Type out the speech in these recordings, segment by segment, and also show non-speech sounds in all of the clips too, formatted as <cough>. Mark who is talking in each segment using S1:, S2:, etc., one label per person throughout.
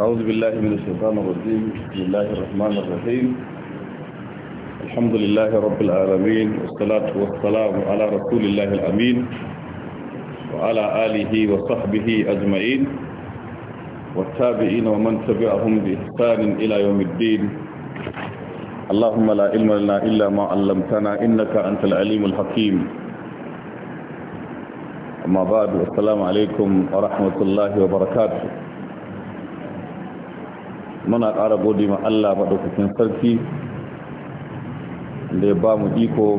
S1: أعوذ بالله من الشيطان الرجيم بسم الله الرحمن الرحيم الحمد لله رب العالمين والصلاة والسلام على رسول الله الأمين وعلى آله وصحبه أجمعين والتابعين ومن تبعهم بإحسان إلى يوم الدين اللهم لا علم لنا إلا ما علمتنا إنك أنت العليم الحكيم أما بعد والسلام عليكم ورحمة الله وبركاته muna ƙara gode ma Allah maɗaukakin sarki da ya ba mu iko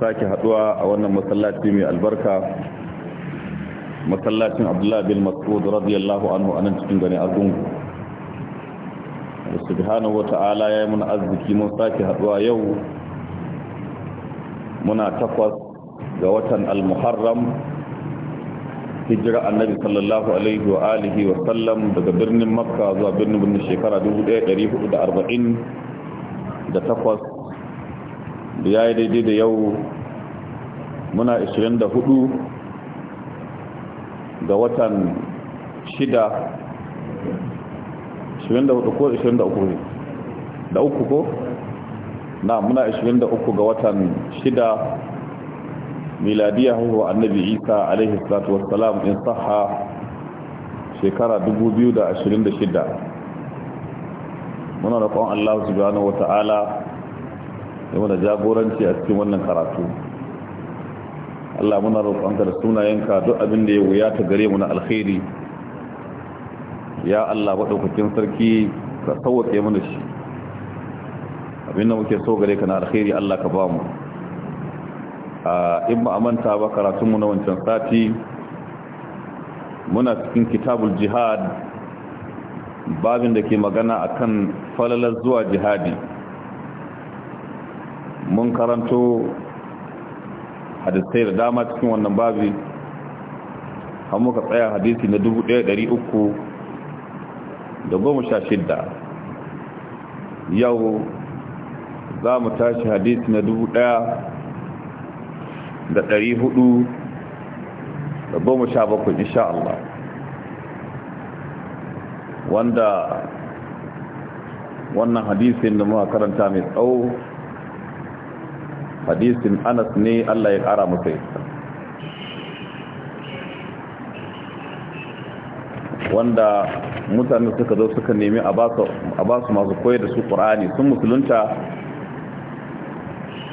S1: sake haɗuwa a wannan masallaci mai albarka masallacin abdullahi bin masud radiyallahu anhu a nan cikin gani argungu subhanahu wa ta'ala ya yi muna arziki mun sake haɗuwa yau muna takwas ga watan al-muharram hijira annabi sallallahu alaihi wa alihi wa sallam daga birnin makka zuwa birnin birnin shekara 1440 da takwas da ya yi daidai da yau muna 24 ga watan 6 ko 23 da uku ko na muna 23 ga watan 6 miladiyar haihuwa annabi isa alaihi salatu wassalam in saha shekara 2026 muna roƙon Allah subhanahu ta'ala, ya mana jagoranci a cikin wannan karatu Allah muna roƙonka da sunayenka duk abin da ya wuya ta gare mu na alkhairi ya Allah maɗaukakin sarki ka sauwaƙe mana shi abin da muke so gare ka na alkhairi Allah ka ba mu in ba a manta ba karatunmu na wancan sati muna cikin kitabul jihad babin da ke magana akan falalar zuwa jihadi mun karanto hadisai da dama cikin wannan babi an muka tsaya hadisi na 1316 yau za mu tashi hadisi na ɗaya. da ɗari hudu da goma sha bakwai insha Allah wanda wannan hadisin da muka karanta mai tsawo hadisin anas ne Allah ya ƙara masa wanda mutane suka zo suka nemi a ba su masu koyar da su ƙur'ani sun musulunta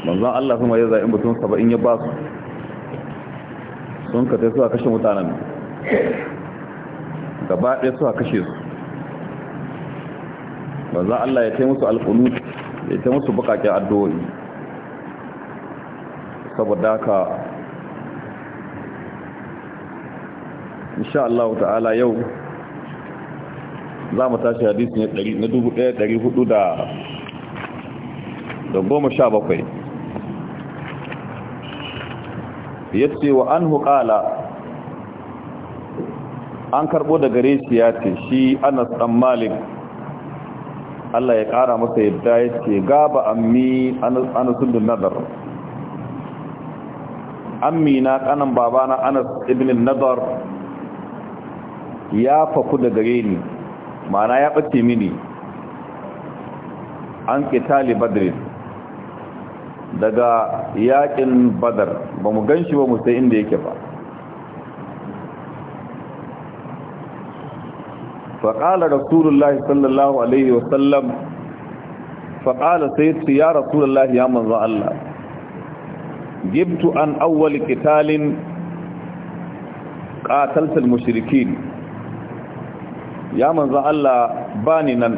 S1: manzan Allah kuma ya za'in mutum saba'in ya ba su sun ka su suka kashe mutanen gaba ɗaya suka kashe su ba za Allah ya taimusu alƙunu ya taimusu bukakin addu'o'i saboda ka insha Allah ta'ala yau za mu tashi hadisi na 1417 yace wa anhu qala an karbo da gare shi ya ce shi Anas dan Malik Allah ya kara masa yadda yace gaba ammi Anas Anas bin Nadar ammi na kanan babana Anas ibn Nadar ya faku da gare mana ya bace mini an qitali badrin daga yakin badar ba mu gan shi ba mu sai inda yake ba faƙala rasulullahi sallallahu alaihi wasallam faƙala sai su ya rasulullahi ya manzo Allah gibtu an awwal kitalin ƙataltar mashirikin ya manzo Allah ba ni nan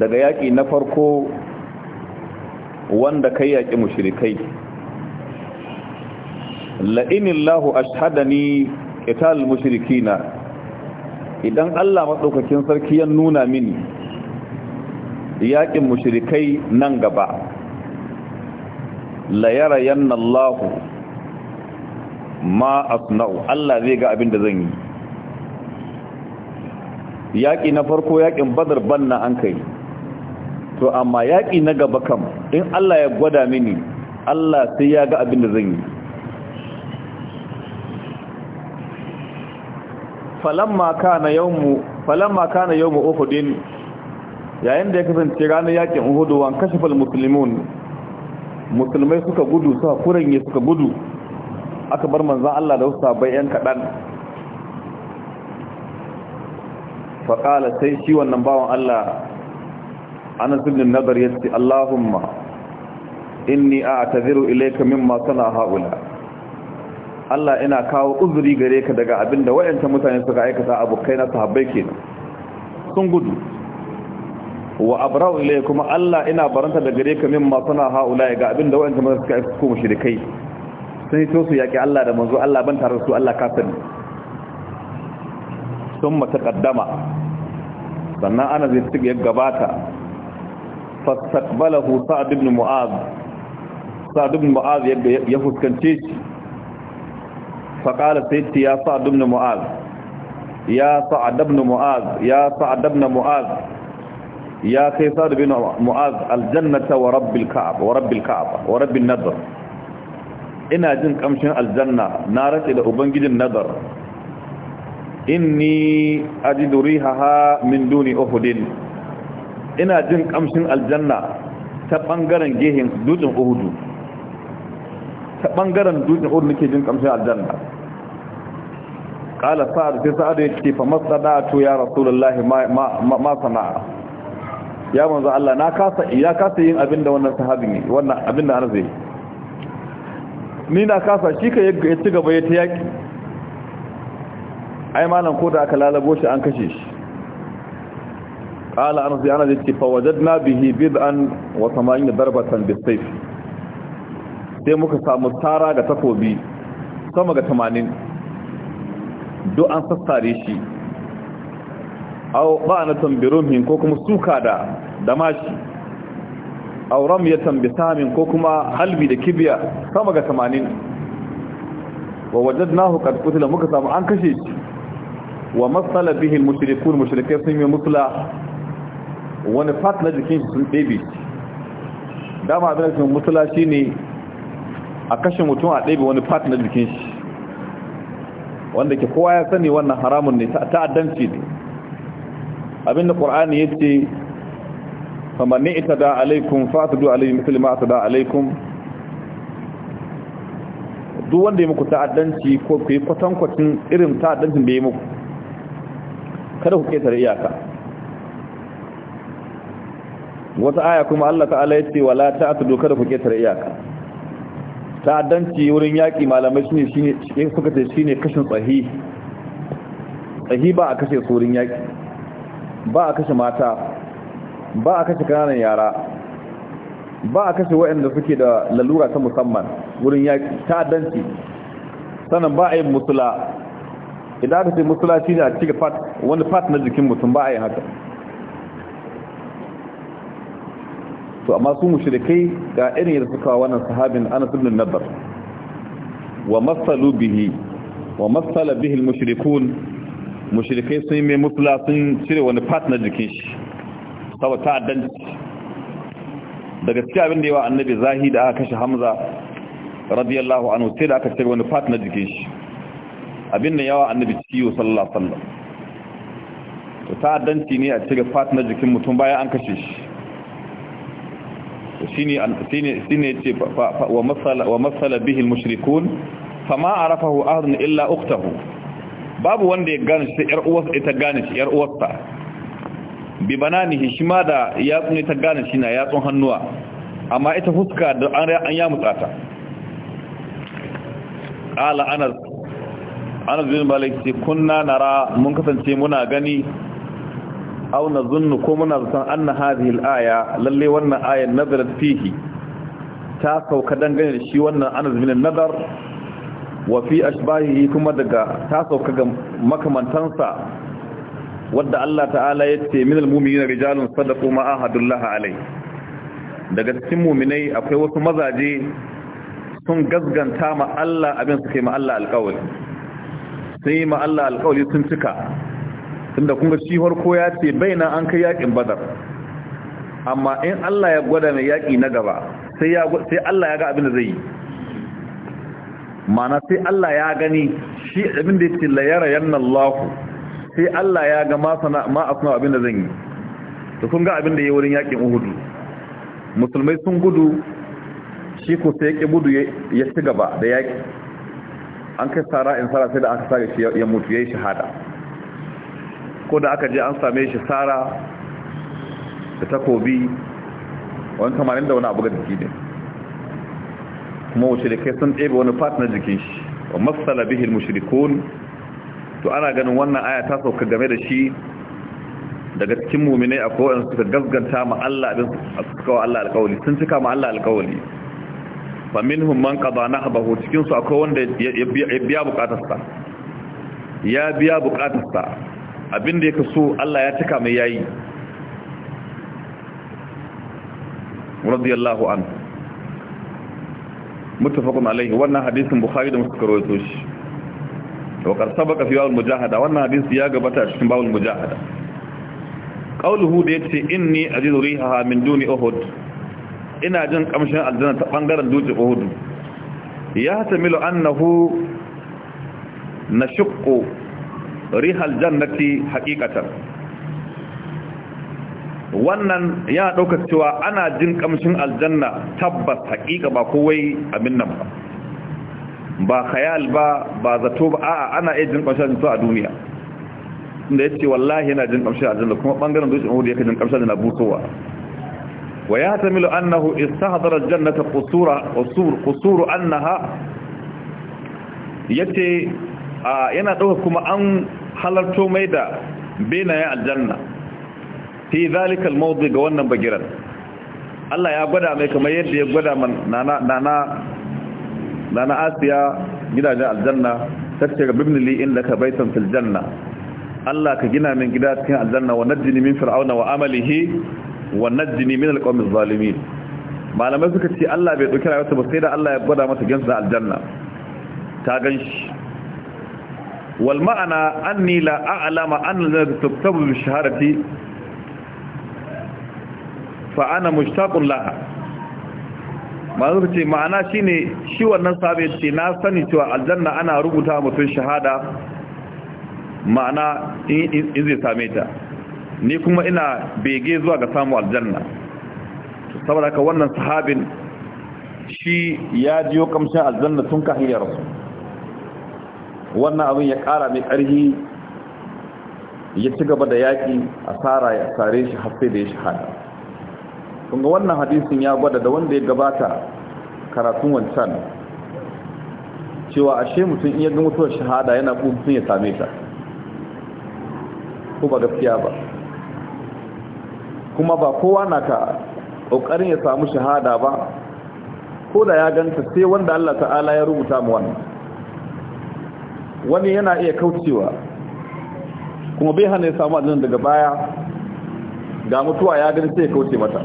S1: daga yaƙi na farko wanda kai yaƙi mushrikai la'inillahu ashhadani qital mushrikina idan Allah madaukakin sarki ya nuna mini yaƙin mushrikai nan gaba la yara yanna Allah ma asna'u Allah zai ga abin da zan yi yaƙi na farko yaƙin badar banna an kai to amma yaƙi na gaba kam in Allah ya gwada mini Allah sai ya ga abin da zan yi falamma kana yawmu uhudin yayin da ya kasance ranar yaƙin uhud wa musulmin musulmai suka gudu suka kuranye suka gudu aka bar manzon Allah da wasu sabai yan kaɗan. fa sai shi wannan bawan Allah anas ibn nadar yace allahumma inni a'tadhiru ilayka mimma sana haula Allah ina kawo uzuri gare ka daga abinda wayanta mutane suka aikata abokai na sahabbai kenan sun gudu wa abrau ilaykum Allah ina baranta da gare ka mimma sana haula ga abinda wayanta mutane suka aikata ko shirkai sai to su yake Allah da manzo Allah ban tare su Allah ka sani sun matakaddama sannan ana zai ya gabata فاستقبله سعد بن معاذ سعد بن معاذ كنتيج فقال سيدتي يا سعد بن معاذ يا سعد بن معاذ يا سعد بن معاذ يا سعد بن معاذ الجنة ورب الكعب ورب الكعب ورب النذر إنا jin كمشن الجنة نارت إلى أبنجد ubangijin إني أجد ريحها من دون أهدين ina jin kamshin aljanna ta bangaren gehen dutsen uhudu ta bangaren dutsen uhudu nake jin kamshin aljanna Kala sa'ad sai sa'ad ya ce fa to ya rasulullahi ma ma sana'a ya manzo Allah na kasa ya kasa yin abinda wannan sahabi ne wannan abinda an zai ni na kasa shi ka ya ci gaba ya ta yaki ai malam ko da aka lalabo shi an kashe shi قال أنس أنا ذلك فوجدنا به بدءا وثمانين ضربة بالسيف sai muka samu tara ga takobi sama ga tamanin do an sassare shi au ba na tambirumin ko kuma suka da damashi au ramyatan bisamin ko kuma halbi da kibiya sama ga tamanin wa wajadnahu qad qutila muka samu an kashe shi wa masala bihi al-mushrikun mushrikai sun yi musla wani fat na jikin sun ɗebe dama abin da cikin mutula shi ne a kashe mutum a ɗebe wani fat na jikin shi wanda ke kowa ya sani wannan haramun ne ta'addanci ne Abin da ƙwar'ani ya ce famanni ita da alaikun fasadu alaikun misali ma ta da alaikun duk wanda ya muku ta'addanci ko ku yi kwatankwacin irin ta'addancin da ya muku kada ku ketare iyaka wata aya kuma Allah ta'ala ya ce wala ta'tudu kada ku ketare iyaka ta'addanci wurin yaki malamai shine shine suka ce shine kashin tsahi tsahi ba a kashe wurin yaki ba a kashe mata ba a kashe kananan yara ba a kashe waɗanda suke da lalura ta musamman wurin yaki ta'addanci sannan ba a yi musula idan aka ce musula shine a cika fat wani fat na jikin mutum ba a yi haka to amma su mushrikai ga irin da suka wannan sahabin Anas ibn Nadar wa masalu bihi wa masala bihi al-mushrikun mushrikai sun mai musula sun cire wani partner na jikin shi saboda ta'addanci daga cikin abin da yawa annabi zahi da aka kashe Hamza radiyallahu anhu sai da aka cire wani partner na jikin shi abin da yawa annabi ciwo sallallahu alaihi wasallam to ta'addanci ne a cire partner na jikin mutum bayan an kashe shi shine shine yace wa masala wa masala bihi almushrikun fama arafahu ahadun illa ukhtahu babu wanda ya gane shi yar uwarsa ita gane shi yar uwarsa bi bananihi shi ma da yatsun ita gane shi na yatsun hannuwa amma ita fuska da an ya mutsata qala anas anas bin malik kunna nara mun kasance muna gani aw nazunnu ko muna zaton anna hadhihi al-aya lalle wannan ayan nazarat fihi ta sauka dangane da shi wannan anas bin nadar wa fi ashbahihi kuma daga ta sauka ga makamantansa wadda Allah ta'ala ya ce min al-mu'minina rijalun sadaqu ma ahadullah alayhi daga cikin mu'minai akwai wasu mazaje sun gazganta ma Allah abin suke ma Allah alƙawari sai ma Allah alƙawari sun cika tunda kun ga shi farko ya ce baina an kai yakin badar amma in Allah ya gwada mai yaki na gaba sai ya sai Allah ya ga abin da zai yi mana sai Allah ya gani shi abin da yake layara yanallahu sai Allah ya ga ma sana ma asna abin da zan yi to kun ga abin da yayi wurin yakin Uhud musulmai sun gudu shi ko sai yake gudu ya ci gaba da yaki an kai sara in sara sai da aka sare shi ya mutu yayi shahada ko da aka je an same shi tsara da takobi wani tamanin da wani abu ga jiki ne kuma wuce da kai sun ɗebe wani fata na jikin shi wa matsala bihin mushrikun to ana ganin wannan aya ta sauka game da shi daga cikin mummine a kowane suka gasganta ma'alla abin su kawo Allah alkawali sun cika ma alkawali fa minhum man qada nahbahu cikin su akwai wanda ya biya bukatarsa ya biya bukatarsa abin da ya kaso Allah ya cika mai yayi radiyallahu an muttafaqun alaihi wannan hadisin bukhari da muslim rawaito shi to kar sabaka fi bawul mujahada wannan hadisi ya gabata a cikin bawul mujahada qauluhu da yace inni ajidu rihaha min duni uhud ina jin kamshin aljanna ta bangaren dutse uhud ya tamilu annahu nashqu rihal jannati haqiqatan wannan ya dauka cewa ana jin kamshin aljanna tabbas haqiqa ba kowai abin nan ba ba khayal ba ba zato ba a'a ana iya jin kamshin to a duniya inda ya ce wallahi yana jin kamshin aljanna kuma bangaren dushin hudu yake jin kamshin na butowa wa ya yahtamilu annahu istahdara aljannata qusura qusur qusur annaha yace yana dauka kuma an halarto mai da benayen aljanna fi zalikal mawdi ga wannan bagiran Allah ya gwada mai kamar yadda ya gwada man nana nana nana asiya gidajen aljanna tace ga bibni li indaka baitan fil janna Allah ka gina min gida cikin aljanna wa najjini min fir'auna wa amalihi wa najjini min alqawmiz zalimin malamai suka ce Allah bai dauki rayuwarsa ba sai da Allah ya gwada masa gansa aljanna ta ganshi walma'ana ma'ana anni la a'lama an la tuktabu bi shahadati fa ana mushtaqun laha ma'ana ce ma'ana shi wannan sabi ce na sani cewa aljanna ana rubuta mutum shahada ma'ana in zai same ta ni kuma ina bege zuwa ga samu aljanna saboda ka wannan sahabin shi ya jiyo kamshin aljanna tun kahiyar rasu wannan abin ya kara mai ƙarfi ya ci gaba da yaƙi a tsara ya tsare shi haske da ya shahada kunga wannan hadisin ya gwada da wanda ya gabata karatun wancan cewa ashe mutum iya ya ga mutuwar shahada yana mutum ya same ta ko ba gaskiya ba kuma ba kowa na ka ƙoƙarin ya samu shahada ba ko da ya ganta sai wanda Allah ta'ala ya rubuta mu wannan wani yana iya kaucewa kuma bai hana ya samu aljanna daga baya ga mutuwa ya gani sai ya kauce mata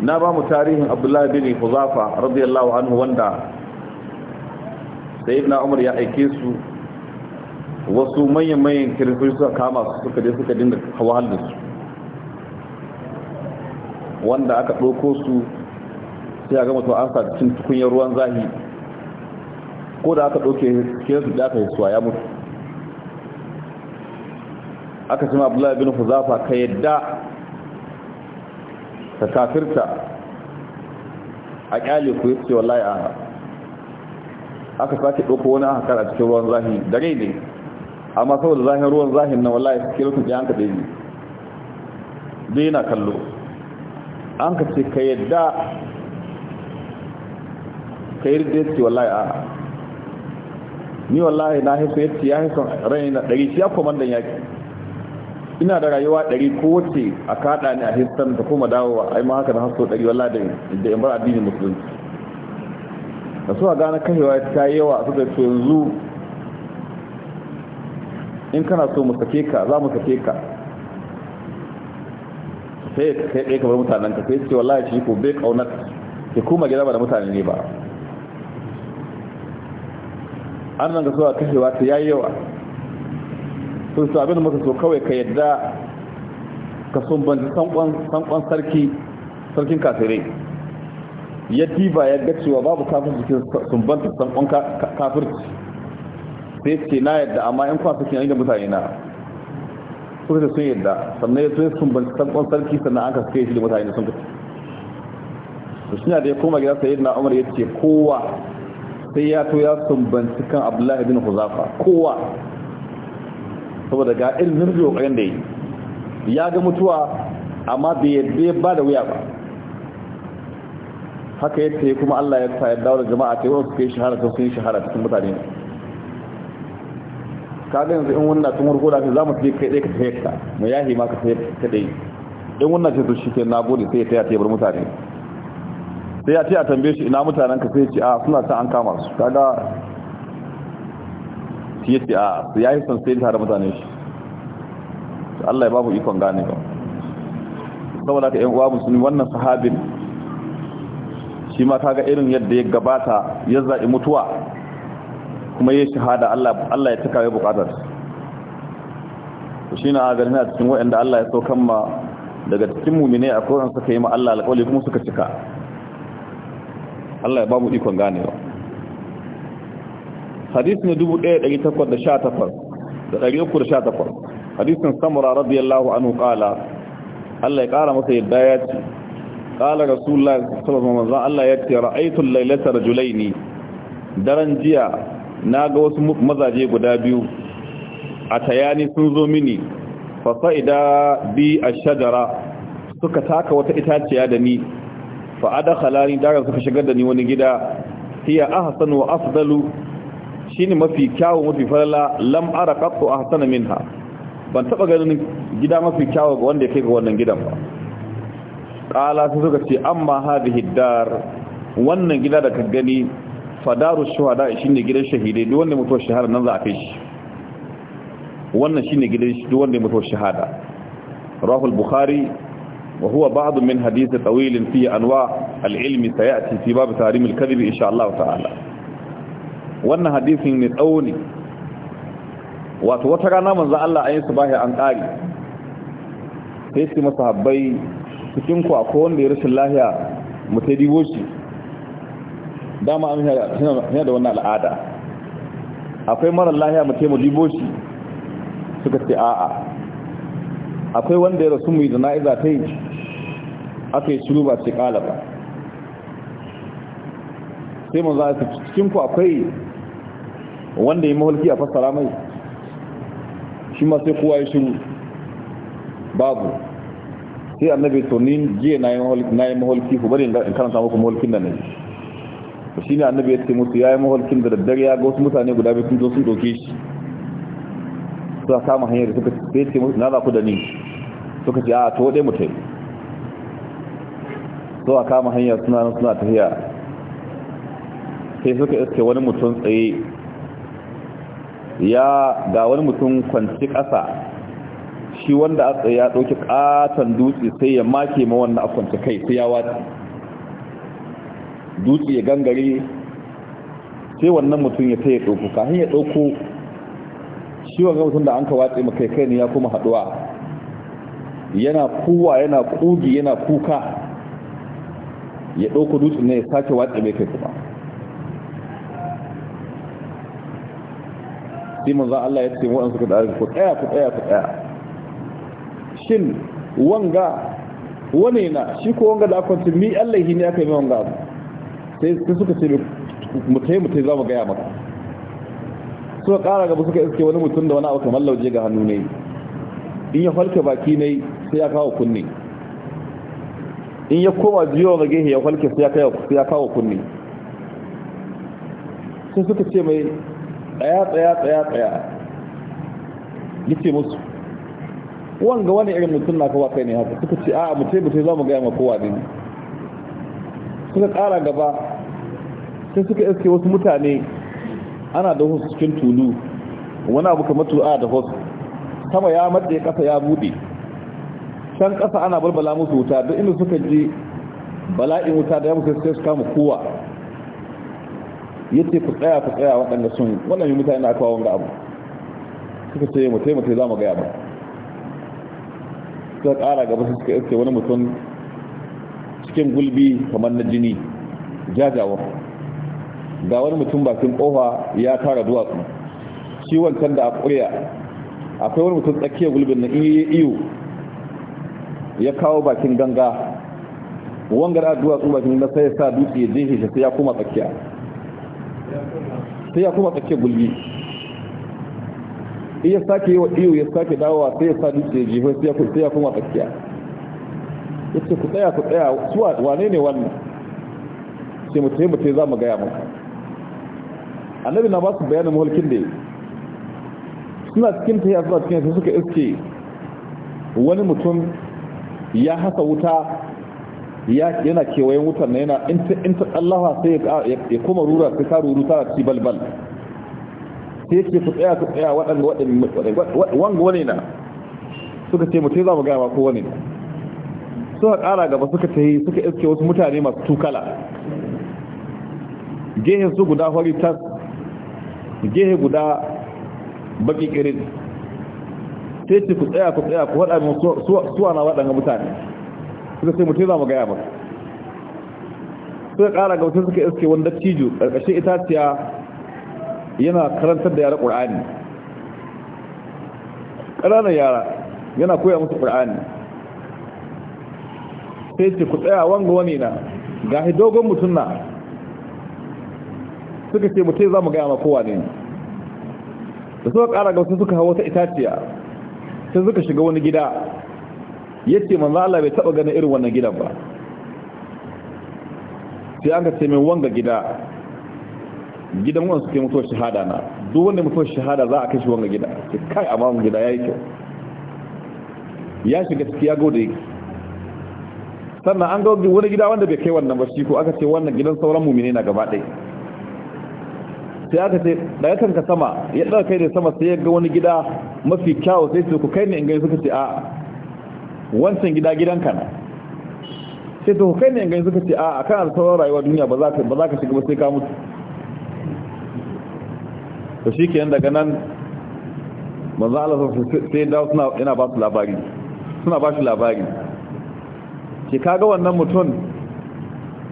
S1: na ba mu tarihin abdullahi bin huzafa radiyallahu anhu wanda sayyidina umar ya aike su wasu manyan manyan kirkuri suka kama su suka je suka dinga hawa da su wanda aka ɗauko su sai a gama an sa cikin tukunyar ruwan zahi ko da aka ɗauke kinsu da aka yi suwa ya mutu aka cima abdullahi bin huzafa ka yadda ta kafirta a kyale ku yake wallahi a aka sake ɗauko wani aka a cikin ruwan zahi dare ne amma saboda zahin ruwan zahin na wallahi suke rukun ɗaya an ka ɗaya zai yana kallo an ka ce ka yadda ka yi rijiyar ce wallahi a ni wallahi na haifu yadda ya haifu rai na ɗari shi ya komandan yaƙi ina da rayuwa ɗari ko wacce a kaɗa ni a hissan ta koma dawowa ai ma haka na haso ɗari wallahi da yan bar addinin musulunci da a gane kashewa ta yi yawa suka ce yanzu in kana so mu sake ka za mu sake ka sai ka kai ɗaya kamar mutanen ka sai ce wallahi shi ko bai ƙaunar ke kuma gida ba da mutane ne ba an nan ga suwa kashewa ta yayi yawa sun su abin da muka so kawai ka yadda ka sun banci sankon sarki sarkin kafirai ya diba ya ga cewa babu kafin jikin sun banci sankon kafirci sai ce na yadda amma yan kwasa kin da mutane na suka sun yadda sannan ya sun banci sankon sarki sannan an ka suke shi da mutane sun kaci su suna da ya koma gida sai na umar ya ce kowa sai ya to ya sumbanci kan abdullahi bin huzafa kowa saboda ga ilmin zuwa ƙayan da yi ya ga mutuwa amma bai ba da wuya ba haka yadda ya kuma allah ya sayar dawo da jama'a ta yi wasu kai shahara ta sun shahara cikin mutane ka ga yanzu in wannan tun warko da ta za mu fi kai ɗaya ka tafiya ka mu yahi ma ka tafiya ka ɗaya in wannan ce to shi ke na sai ya taya ta yabar mutane sai ya ce a tambaye shi ina mutanen ka sai ce a ah, suna ta an kama su kaga shi yace a ah, ya yi son sai tare mutane shi Allah ya babu ikon gane ba saboda ka yan uwa musulmi wannan sahabin shi ma kaga irin yadda ya gabata ya zaɓi mutuwa kuma ya shahada Allah Allah ya cika ya bukatar shi na agarin a cikin da Allah ya so ma daga cikin mumine a kowanne suka yi ma Allah alƙawali kuma suka cika Allah ya ba mu ikon ganewa hadisi na 1818 da 318 hadisin samura radiyallahu anhu qala Allah ya kara masa yadda ya ce qala rasulullah sallallahu alaihi wasallam Allah ya ce ra'aytu laylata rajulaini daren jiya naga wasu mazaje guda biyu a tayani sun zo mini fa sa'ida bi ash-shajara suka taka wata itaciya da ni fa adakhalani daga suka shigar da ni wani gida hiya ahsanu wa afdalu shine mafi kyawu mafi falala lam ara qattu ahsana minha ban taba ganin gida mafi kyawu ga wanda yake ga wannan gidan ba qala su suka ce amma hadhihi dar wannan gida da ka gani fadaru shuhada shine gidan shahidai duk wanda mutuwa shahada nan za a kai shi wannan shine gidan duk wanda mutuwa shahada rahul bukhari وهو بعض من حديث طويل في أنواع العلم سيأتي في باب تحريم الكذب إن شاء الله تعالى وأن حديث من أوني من ذا الله أين صباحي أن قاري سيسي مصحبي cikinku a kowanne rashin lahiya mutai dama an yana da wannan al'ada akwai mara lahiya mu dibo shi suka ce a'a akwai wanda ya rasu mu yi jana'iza ta yi aka yi shiru ba ce kala ba sai mu za su cikin ku akwai wanda ya mahalki a fassara mai shi ma sai kowa ya shiru babu sai annabi to ni jiya na yi mahalki ku bari in karanta muku mahalkin da na yi shi ne annabi ya ce musu ya yi mahalkin da daddare ya ga wasu mutane guda biyu sun zo sun ɗauke shi suka kama hanyar suka ce mutu na za ku da ni suka ce a to dai mutai zo a kama hanyar suna suna tafiya sai suka iske wani mutum tsaye ya ga wani mutum kwanci ƙasa shi wanda a tsaye ya ɗauki ƙaton dutse sai ya make ma a kwanci kai sai ya wata dutse ya gangare sai wannan mutum ya ta ya ɗauko kahin ya ɗauko shi wanga mutum da an ka watse ma kai kai ne ya kuma haɗuwa yana kuwa yana kugi yana kuka ya ɗauko dutsen ne ya sake watsa mai kai kuma simon za Allah ya ce waɗansu ka ɗari ku tsaya ku tsaya ku tsaya shin wanga wane na shi ko wanga da aka ce mi Allah ne aka yi mai wanga abu sai suka ce mu tai mu za mu gaya maka suka ƙara gaba suka iske wani mutum da wani abu kamar lauje ga hannu ne in ya falke baki ne sai ya kawo kunne in ya koma biyo ga gehe ya kwalke sai ya kawo kunni sai suka ce mai tsaya tsaya tsaya tsaya ya ce musu wanga wani irin mutum na kawo kai ne haka suka ce a mu mutai za mu gaya ma kowa ne suka kara gaba sai suka iske wasu mutane ana da hosu cikin tulu wani abu kamar tu'a da hosu sama ya matse kasa ya bude can ƙasa ana balbala musu wuta duk inda suka ji bala'in wuta da ya sai su kama kowa yace ku tsaya ku tsaya waɗanda sun waɗanda mutane na kawo wanga abu suka ce mu taimaka za mu gaya ba suka ƙara gaba su suka iske wani mutum cikin gulbi kamar na jini jajawa ga wani mutum bakin ƙofa ya tara duwatsu ciwon can da a ƙuriya akwai wani mutum tsakiyar gulbin na iyo ya kawo bakin ganga wangar addu'a su bakin na sai ya sa dutse ya jefe shi sai ya kuma tsakiya sai ya kuma tsakiya gulbi iya sake yi wa iyo ya sake dawowa sai ya sa dutse ya jefe sai ya kuma tsakiya ya ce ku tsaya ku tsaya su wane ne wannan sai mutai mutai za mu gaya maka annabi na ba su bayanin mulkin da suna cikin ta zuwa cikin su suka iske wani mutum ya hasa wuta yana kewayen wutar na yana in ta tsallawa sai ya kuma rura ta ka ruru tana ci balbal sai ce su tsaya su tsaya waɗanda waɗanda wani na suka ce mutum za mu gaya ko wani na suka ƙara gaba suka ta yi suka iske wasu mutane masu tukala gehe su guda hori tas gehe guda baki ƙirin sai ce ku tsaya ku tsaya ku faɗa min suwa na waɗanga mutane suka sai mutum za mu gaya maka suka ƙara ga mutum suka iske wani dattijo ƙarƙashin itaciya yana karantar da yara ƙur'ani ƙananan yara yana koya musu ƙur'ani sai ce ku tsaya wanga wani na gahi dogon mutum na suka ce mutum za mu gaya ma kowa ne da suka ƙara ga wasu suka hawa ta itaciya sai suka shiga wani gida yace manzo Allah bai taba ganin irin wannan gidan ba sai an ka ce min wanga gida gidan wanda suke mutuwar shahada na duk wanda mutuwar shahada za a kai shi wanga gida ce kai a wanga gida yayi kyau ya shiga ciki ya gode sannan an ga wani gida wanda bai kai wannan ba shi ko aka ce wannan gidan sauran mu'mini na gaba ɗaya sai aka ce daga kanka sama ya ɗaga kai ne sama sai ya ga wani gida mafi kyawu sai su ku kai ne in gani suka ce a wancan gida gidanka na sai su ku kai ne in gani suka ce a a kana da sauran rayuwa duniya ba za ka shiga ba sai ka mutu to shi kenan daga nan manzo Allah sai dawo suna yana ba su labari suna ba shi labari ke kaga wannan mutum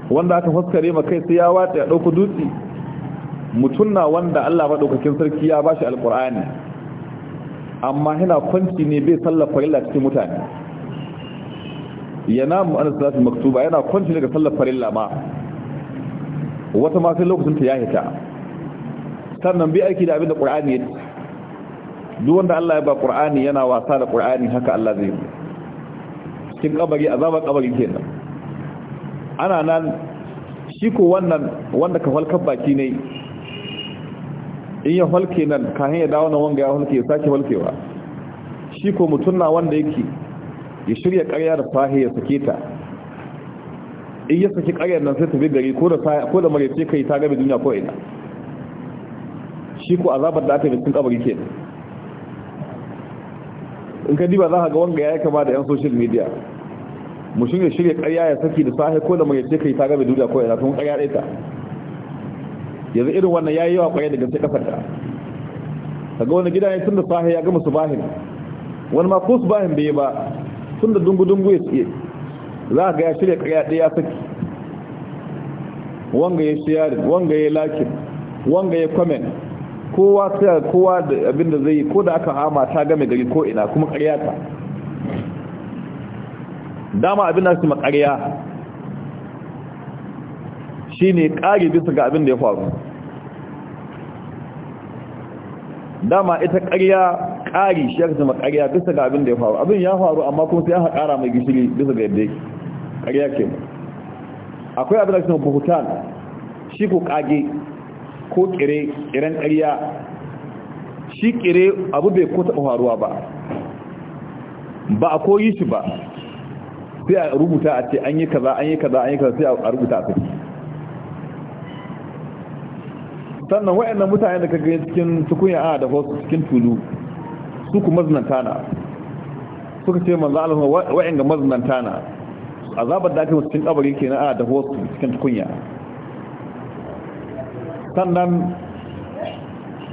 S1: wanda aka fuskare ma kai sai ya wata ya dauko dutse mutum na wanda Allah maɗaukakin sarki ya ba shi alƙur'ani amma yana kwanci ne bai sallafa illa cikin mutane yana mu'anar salatin maktuba yana kwanci ne ga sallafa illa ma wata ma sai lokacin ta ya hita sannan bi aiki da abin da ƙur'ani ya duk wanda Allah ya ba ƙur'ani yana wasa da ƙur'ani haka Allah zai yi cikin ƙabari, kabari ƙabari kabari kenan ana nan shi ko wannan wanda kafalkar baki ne in ya halke nan kahin ya dawo nan wanga ya halke ya sake halkewa shi ko mutum na wanda yake ya shirya karya da sahi ya sake ta in ya sake karyar nan sai ta bi gari ko da ko marece kai ta gabi duniya ko ina shi ko azabar da aka yi cikin kabari ke in ka diba za ka ga wanga ya yi kama da yan social media mu shirya shirya karya ya saki da sahi ko da marece kai ta gabi duniya ko ina tun karya ɗaya yanzu irin wannan yayi yawa kwaye daga sai kasar ta. kaga wani gida ne da sahi ya gama su bahin wani ma ko su bahin bai ba da dungu dungu ya tsiye za ga ya shirya kaya ɗaya saki wanga ya sharing wanga ya lakin wanga ya comment kowa ta kowa da abin da zai ko da aka hama ta game gari ko ina kuma kariya ta dama abin da su makarya shine ƙari bisa ga abin da ya faru dama ita ƙarya ƙari shi ya zama ƙarya bisa ga abin da ya faru abin ya faru amma kuma sai aka ƙara mai gishiri bisa ga yadda yake ƙarya ke akwai abin da suna buhutan shi ko ƙage ko ƙire ƙiren ƙarya shi ƙire abu bai ko taɓa faruwa ba ba a koyi shi ba sai a rubuta a ce an yi kaza an yi kaza an yi kaza sai a rubuta a tafi sannan waɗannan mutane da ka gani cikin tukunya a da wasu cikin tulu su ku mazinanta na suka ce manzo Allah waɗanda mazinanta na azabar da ake musu cikin kabari kenan a da wasu cikin tukunya sannan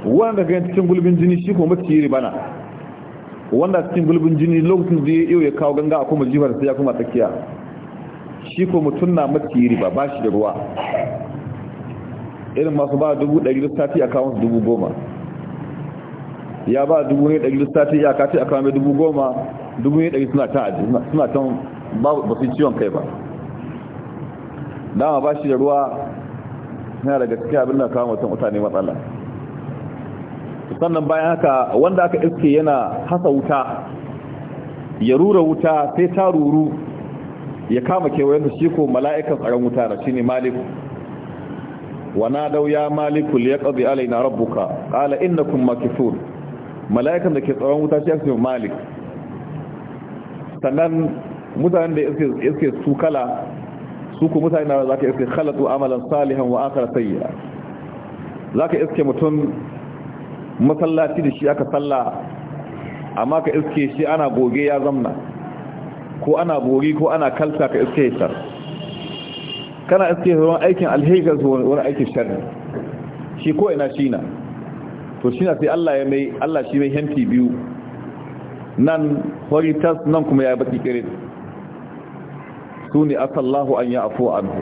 S1: wanda gani cikin gulbin jini shi kuma mutu yi bana wanda cikin gulbin jini lokacin da yau ya kawo ganga a kuma jifar sai ya kuma tsakiya shi ko mutum na mutu yi riba ba shi da ruwa irin masu ba dubu ɗari lissati a kawon dubu goma ya ba dubu ne ɗari lissati ya kati a kawon mai dubu goma dubu ne ɗari suna ta suna can ba su ciwon kai ba dama ba shi da ruwa yana daga cikin abin da kawo mutum mutane matsala sannan bayan haka wanda aka iske yana hasa wuta ya rura wuta sai ta ruru ya kama kewayen da shi ko mala'ikan tsaron wuta da shi ne maliku ونادوا يا مالك ليقضي علينا ربك قال إنكم ماكثون ملائكة da ke tsaron wuta ce su malik sannan mutanen da iske su kala su ku mutane da zaka iske khalatu amalan salihan wa akhar sayya zaka iske mutum masallaci da shi aka salla amma ka iske shi ana goge ya zamna ko ana bori ko ana kalta ka iske shi kana iske ruwan aikin alheri wani aikin shari shi ko ina shi na to shi na sai Allah ya mai Allah shi mai henti biyu nan hori tas nan kuma ya baki kere su ne asallahu an ya afu anhu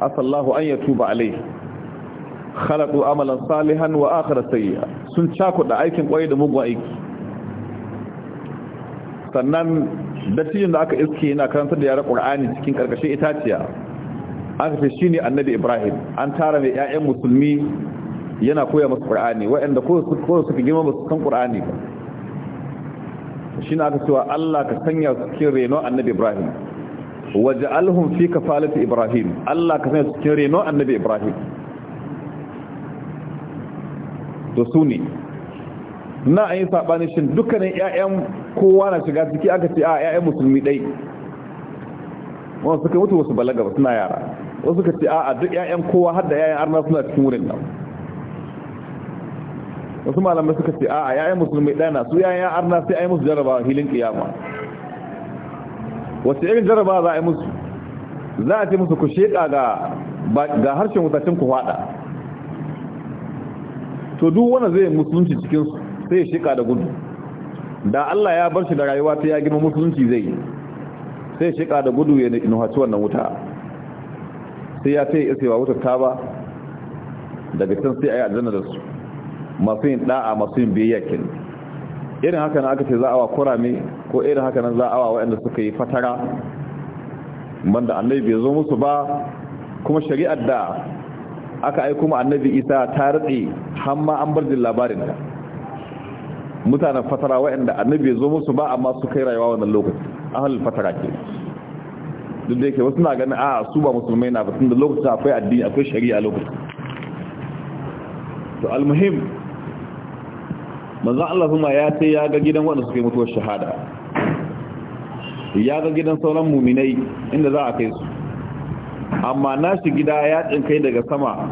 S1: asallahu an ya tuba alai khalaqu amalan salihan wa akhar sayyi'a sun cakuda aikin kwaye da mugun aiki sannan cikin da aka iske yana karantar da yara Qur'ani cikin karkashin itaciya aka shi ne annabi ibrahim an tara mai ƴaƴan musulmi yana koya masu qur'ani waɗanda ko suka girma ba su san qur'ani ba shine aka cewa Allah ka sanya su cikin reno annabi ibrahim waje alhun fi falata ibrahim Allah ka sanya su cikin reno annabi ibrahim to ne na ayi sabani shin dukkanin ƴaƴan kowa na shiga ciki aka ce a ƴaƴan musulmi dai wanda suka mutu wasu balaga ba suna yara wasu suka ce a duk 'ya'yan kowa har da yayan arna suna cikin wurin nan wasu malamai suka ce 'ya'yan musulmi musulmai na su 'ya'yan arna sai ai musu jarabawa hilin kiyama wace irin jarabawa za a yi musu za a ce musu ku sheƙa ga ga harshen wutacin ku faɗa to duk wanda zai musulunci cikin sai ya sheƙa da gudu da Allah ya bar shi da rayuwa ta ya gina musulunci zai yi sai shika da gudu ya nuhaci wannan wuta sai ya ce isewa wutar ta ba daga can sai a yi aljanna da su masu yin da'a masu yin biyayya irin haka nan aka ce za a wa kurame ko irin haka nan za a wa waɗanda suka yi fatara banda annabi bai zo musu ba kuma shari'ar da aka aiko mu annabi isa ta rade har ma an bar jin labarin ta mutanen fatara waɗanda annabi zo musu ba amma su kai rayuwa wannan lokaci ahalul fatara ke duk da yake wasu na ganin a su ba musulmai na batun da lokacin akwai addini akwai shari'a lokacin to almuhim manzan Allah kuma ya ce ya ga gidan wanda suka yi mutuwar shahada ya ga gidan sauran muminai inda za a kai su amma nashi gida ya tsinkai daga sama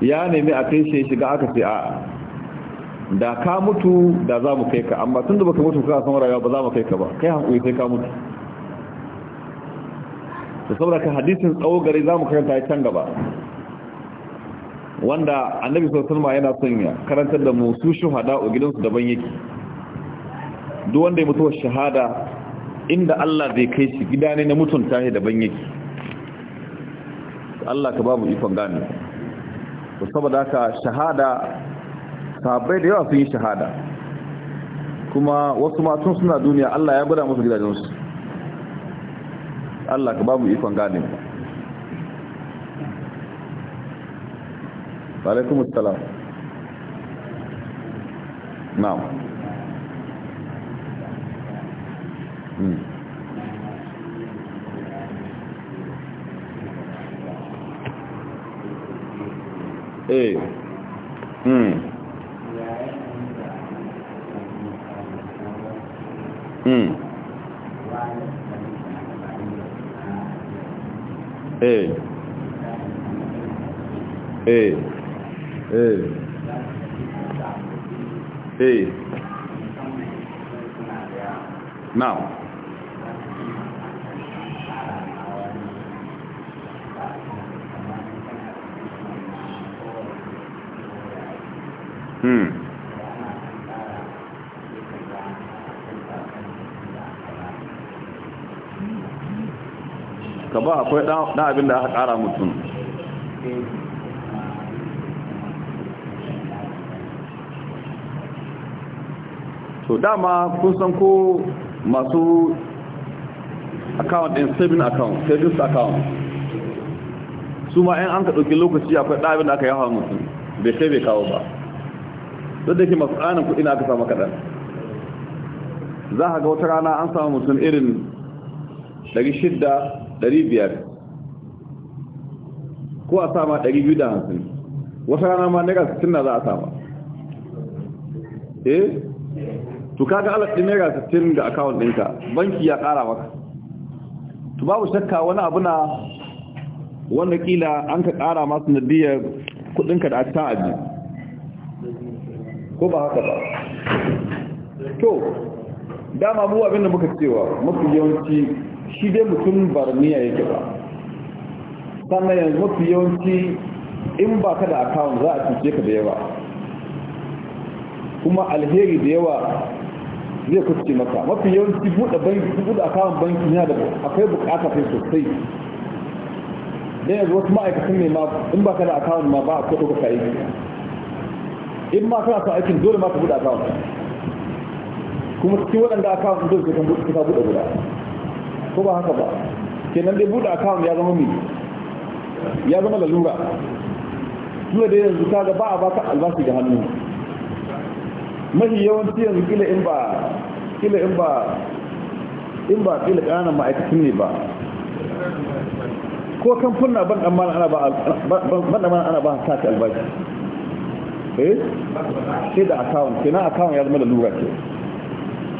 S1: ya nemi a kai shi shiga aka ce a'a da ka mutu da za mu kai ka amma tun da baka mutu ka san rayuwa ba za mu kai ka ba kai hakuri sai ka mutu da saboda ka hadisin tsawo gari za mu karanta can gaba wanda annabi sallama yana son ya karantar da mu su shuhada a gidansu daban yake duk wanda ya mutuwa shahada inda Allah zai kai shi gida ne na mutunta shi daban yake Allah ka babu ikon gane saboda haka shahada sahabbai da yawa sun yi shahada kuma wasu matun suna duniya Allah ya gwada musu gidajensu Allah ka mu ikon gane ba alaikum assalam na'am
S2: hmm. eh
S1: hmm Ee!
S2: Eh. Eh. Eh. eh now ba akwai ɗan abin da aka ƙara mutum
S1: to dama kun san ko masu account din saving account savings account su ma yan an ka ɗauki lokaci akwai ɗabin da aka yawa mutum bai sai bai kawo ba duk da ke masu ƙanan kuɗi na aka samu kaɗan za a ga wata rana an samu mutum irin 600 biyar ko a sama 250 wata rana ma naira 60 na za a sama eh to kaga alaɗi naira 60 ga akawun ɗinka banki ya ƙara maka to babu shakka wani abu na wanda ƙila an ka ƙara masu nadiyar kudinka da ta aji ko ba haka ba to dama mu abinda muka cewa mafi yawanci shi dai mutum barniya yake ba sannan yanzu mafi yawanci in ba ka da akawun za a cuce ka da yawa kuma alheri da yawa zai kuske maka mafi yawanci buɗe banki buɗe akawun banki yana da akwai bukata sai sosai dan yanzu wasu ma'aikatan ne ma in ba ka da akawun ma ba a kuɗo ka yi, in ma kana son aikin dole ma ka buɗe akawun kuma cikin waɗanda akawun dole ka buɗe guda ko ba haka ba kenan dai buɗe account ya zama mi ya zama lalura tuna da yanzu ga ba a baka albashi da hannu mafi yawanci yanzu kila in ba kila in ba in ba kila ƙananan ma'aikacin ne ba ko funna ban ɗan mana ana ba ban ɗan mana ana ba ta ta albashi eh sai da account kenan account ya zama lalura ke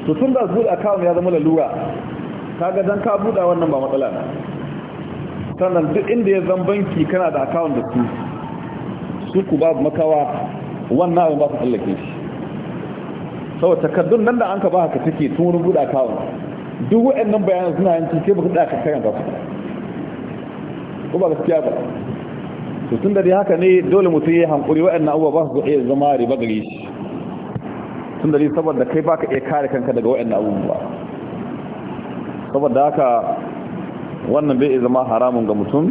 S1: to tun da zuwa account ya zama lalura kaga dan ka buɗa wannan ba matsala na sannan duk inda ya zan banki kana da akawun da su su ku babu makawa wannan abin ba su tsallake shi saboda takardun nan da an ka ba haka take tun wurin buɗe akawun duk nan bayanan suna yin cike ba su ɗaya kakkan ba su ko ba gaskiya ba to tun da dai haka ne dole mutum ya hankuri na abuwa ba su iya zama riba gare shi tun da dai saboda kai baka iya kare kanka daga waɗannan abubuwa saboda haka wannan bai zama haramun ga mutum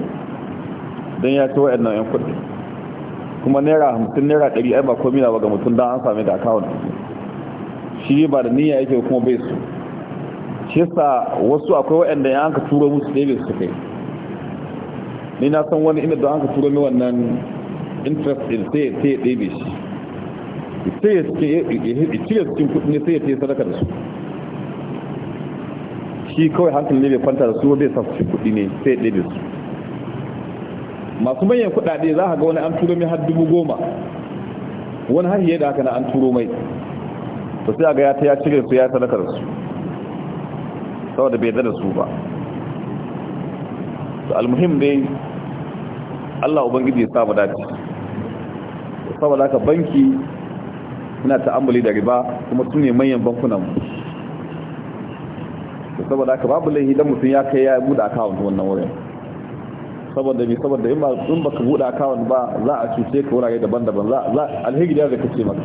S1: don ya ci wa'annan 'yan kudi kuma naira hamsin naira ɗari ai ba komi ba ga mutum don an sami da akawun shi ba da niyya yake kuma bai su shi sa wasu akwai wa'anda ya anka turo musu ɗaya bai su kai ni na san wani inda don anka turo mai wannan interest in sai ya ɗaya bai shi sai ya cikin kuɗi ne sai ya ce sadaka da su shi kawai hankali ne bai kwanta da su bai sa su kuɗi ne sai ɗaya su masu manyan kuɗaɗe za ka ga wani an turo mai har dubu goma wani har da haka na an turo mai to sai a ga ya ta ya cire su ya sadakar su saboda bai da su ba to almuhim dai Allah ubangiji ya saba dace saboda haka banki suna ta'ammuli da riba kuma su ne manyan bankunan mu to saboda haka babu laihi dan mutum ya kai ya buɗe account wannan wurin saboda mai saboda in ba ka baka buɗe account ba za a cuce ka wurare daban-daban za a alhigi da kace maka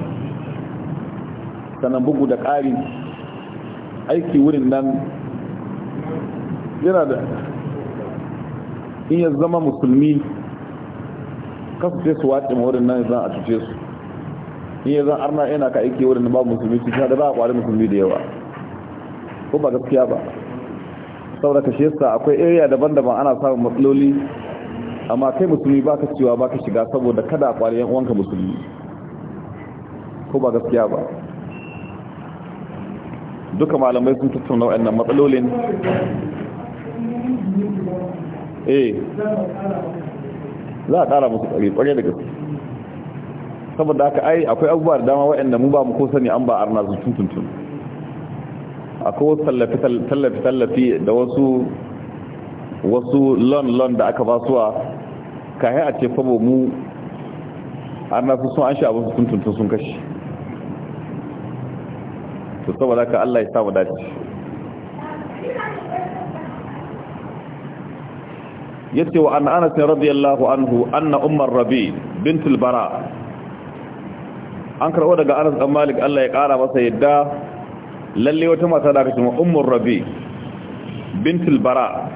S1: sannan bugu da ƙari aiki wurin nan yana da in ya zama musulmi kasance su wace wurin nan zan a cuce su in ya zan arna yana ka aiki wurin nan ba musulmi cikin da za a ƙwari musulmi da yawa ko ba gaskiya ba saboda ka shiyasta akwai area daban-daban ana samun matsaloli amma kai musulmi ba ka cewa ba ka shiga saboda kada a kwari yan uwanka musulmi ko ba gaskiya ba duka malamai sun tattauna wa'annan matsalolin eh za a ƙara musu ƙari ƙware da gaske saboda haka ai akwai abubuwa da dama wa'anda mu ba mu ko sani an ba arna su tuntuntun akwai wasu tallafi-tallafi da wasu wasu lon-lon da aka basuwa kayan a ce fabo mu an nasu sun an sha abin sun tuntun sun kashi to saboda ka Allah ya samu dace ce wa ana anas radiyallahu anhu anna Umar rabi bintul bara an karɓo daga anas ɗan malik Allah ya ƙara masa yadda lalle wata mata da aka ce umar rabi bintul bara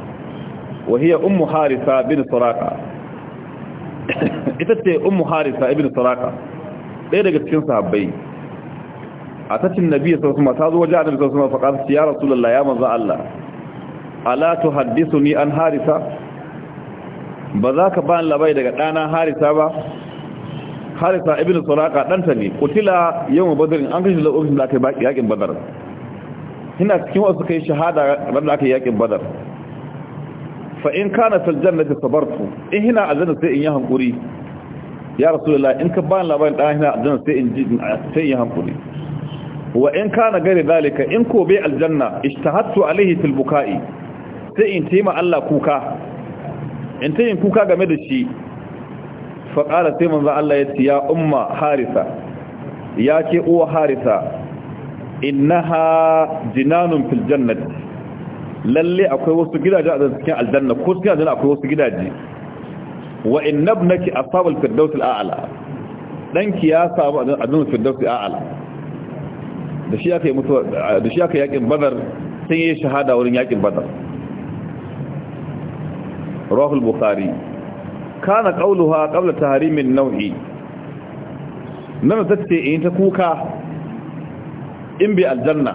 S1: wa hiya harisa bin suraqa ita ce ummu harisa bin suraqa ɗaya daga cikin sahabbai a tacin nabi sallallahu alaihi wasallam ta zo waje annabi sallallahu alaihi wasallam fa ya rasulullah ya maza Allah Alatu haddisu ni an harisa ba za ka ba labai daga ɗana harisa ba harisa ibn suraqa ɗanta ne kutila yawon badarin an kashe lokacin da aka yi yakin badar Hina cikin wasu kai shahada ran da aka yakin badar fa in kana fil jannati sabartu in hina azana sai in yi hankuri ya rasulullah in ka ba ni labarin dan hina azana sai in ji sai yi hankuri wa in kana gari zalika in ko bai aljanna ishtahattu alaihi fil buka'i sai in tema Allah kuka in tayin kuka game da shi fa qala sai manzo Allah ya ce ya umma harisa ya ke uwa harisa innaha jinanun fil jannati lalle akwai wasu gidaje a cikin aljanna ko cikin aljanna akwai wasu gidaje wa innabnaki asabal firdaus al'ala danki ya samu aljanna firdaus al'ala da shi aka yi mutuwa da shi aka yakin badar sai yayi shahada wurin yakin badar rawahu al-bukhari kana qawluha qabla tahrimin naw'i nan tace in ta kuka in bi aljanna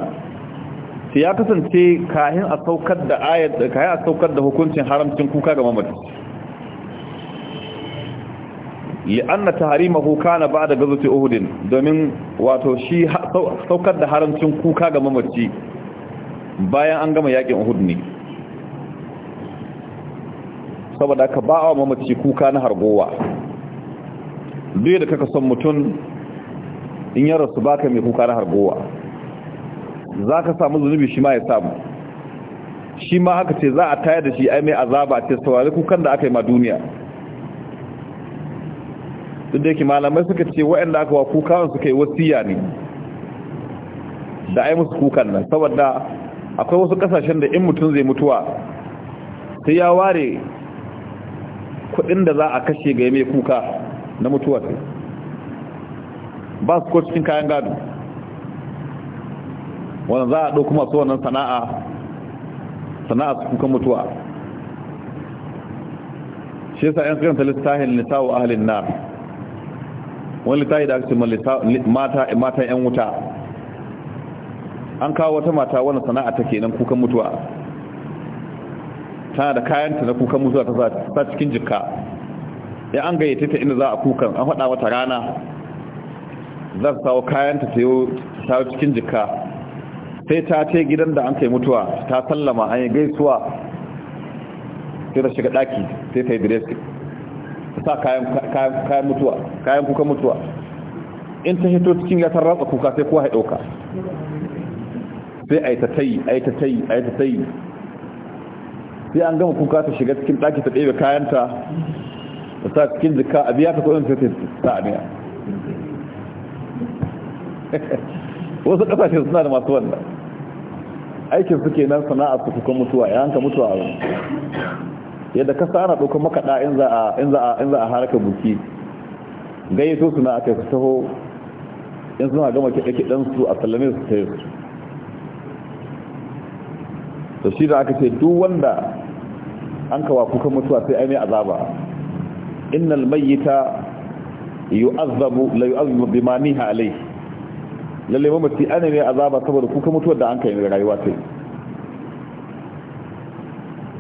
S1: sai ya kasance kahin a saukar da ayat kai a saukar da hukuncin haramcin kuka ga mamaci anna tahrimahu kana ba'da gazati uhudin domin wato shi saukar da haramcin kuka ga mamaci bayan an gama yakin uhud ne saboda ka ba wa mamaci kuka na hargowa duk da kaka son mutum in ya rasu baka mai kuka na hargowa za ka samu zunubi shi ma ya samu shi ma haka ce za a tayar da shi ai mai azaba ce saurari kukan da aka yi ma duniya duk da yake malamai suka ce waɗanda aka wa kukawan suka yi wasiya ne da ai musu kukan nan saboda akwai wasu kasashen da in mutum zai mutuwa sai ya ware kudin da za a kashe ga mai kuka na mutuwa sai ba su ko cikin kayan gado wanda za a ɗauku masu wannan sana'a sana'a su kukan mutuwa shi sa yan karanta littafin wa ahalin na. wani littafi da aka ce mata mata yan wuta an kawo wata mata wannan sana'a take nan kukan mutuwa tana da kayanta na kukan mutuwa ta sa cikin jikka ya an gayyace ta inda za a kukan an faɗa wata rana za su sawo kayanta ta yi cikin jikka sai ta ce gidan da an kai mutuwa ta sallama an yi gaisuwa sai ta shiga daki sai ta yi direski sa kayan mutuwa kayan kuka mutuwa in ta hito cikin ya ratsa kuka sai kuwa haɗauka sai a yi ta tayi a yi ta tayi a yi ta tayi sai an gama kuka ta shiga cikin daki ta ɗebe kayanta ta sa cikin jika a biya ta kudin sai ta sa a biya <laughs> wasu ƙasashe suna da masu wannan aikin suke nan sana'a su kuka mutuwa ya hanka mutuwa a yadda ka tsara ɗaukar makaɗa in za a in za a in za a haraka buki gayyato suna aka su taho in suna gama kiɗa kiɗan su a sallame su tayi to shi da aka ce duk wanda an kawa kuka mutuwa sai ai mai azaba innal mayyita yu'azzabu la yu'azzabu bima niha alayhi lalle mutu ana ne azaba saboda kuka mutuwar da an kai ne rayuwa sai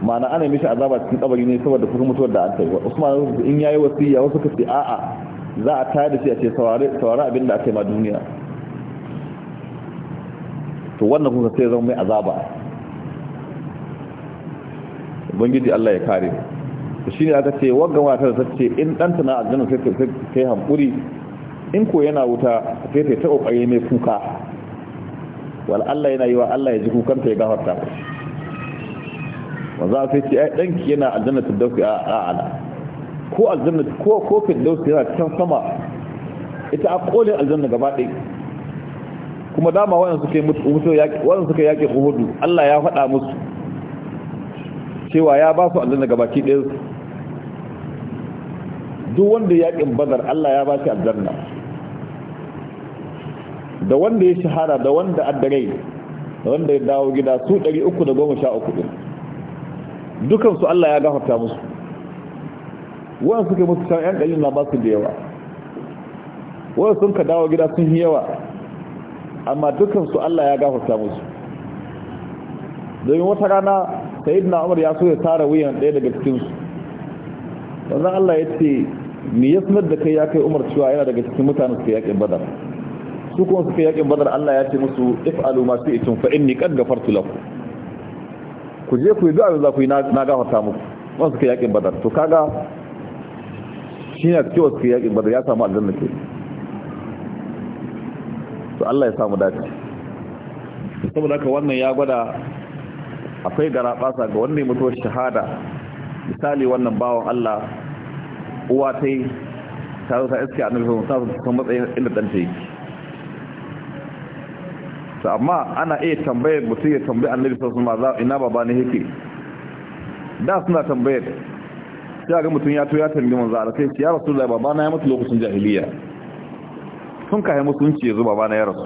S1: mana ana mishi azaba cikin kabari ne saboda kuka mutuwar da an kai usman in yayi wasiya wasu kace a za a tayar da shi a ce saware abin da aka yi ma duniya to wannan kuka sai zama mai azaba ubangiji Allah ya kare shi ne aka ce wagga matar ta ce in ɗanta na aljanna sai kai hankuri in ko yana wuta sai ta ta kokari mai kuka wal Allah yana yi wa Allah ya ji kukan ta ya gafarta za sai ce ai ki yana aljanna ta dauki a ala ko aljanna ko ko ki dauki yana can sama ita a kolin aljanna gaba ɗaya kuma dama wayan suka yi mutu yaki wayan suka yaki uhudu Allah ya faɗa musu cewa ya ba su aljanna ki ɗaya duk wanda yakin badar Allah ya ba shi aljanna da wanda ya shahara da wanda addarai da wanda ya dawo gida su 313 uku ɗin dukansu Allah ya gafarta musu wannan suka musu san yan ɗari na ba su da yawa wannan sun ka dawo gida sun yi yawa amma dukansu Allah ya gafarta musu domin wata rana na Umar ya so ya tara wuyan ɗaya daga cikinsu wanzan Allah ya ce me ya sanar da kai ya kai Umar cewa yana daga cikin mutanen su yaƙin Badar su kuma suka yakin badar Allah ya ce musu if'alu ma itin fa inni qad ghafartu lakum ku je ku yi du'a za ku yi na gafarta muku wannan suka yakin badar to kaga shi ne cewa suka yakin badar ya samu aljanna ke to Allah ya samu dace saboda haka wannan ya gwada akwai basa ga wannan mutuwar shahada misali wannan bawan Allah uwa ta yi ta zo ta iske a nufin alaihi wasallam matsayin inda ɗan ta yake to amma ana iya tambayar mutum ya tambayi annabi sallallahu alaihi wasallam ina baba ne yake da suna tambayar sai ga mutum ya to ya tambayi manzo Allah sai ya rasulullahi baba na ya mutu lokacin jahiliya sun kai mutunci yanzu baba na ya rasu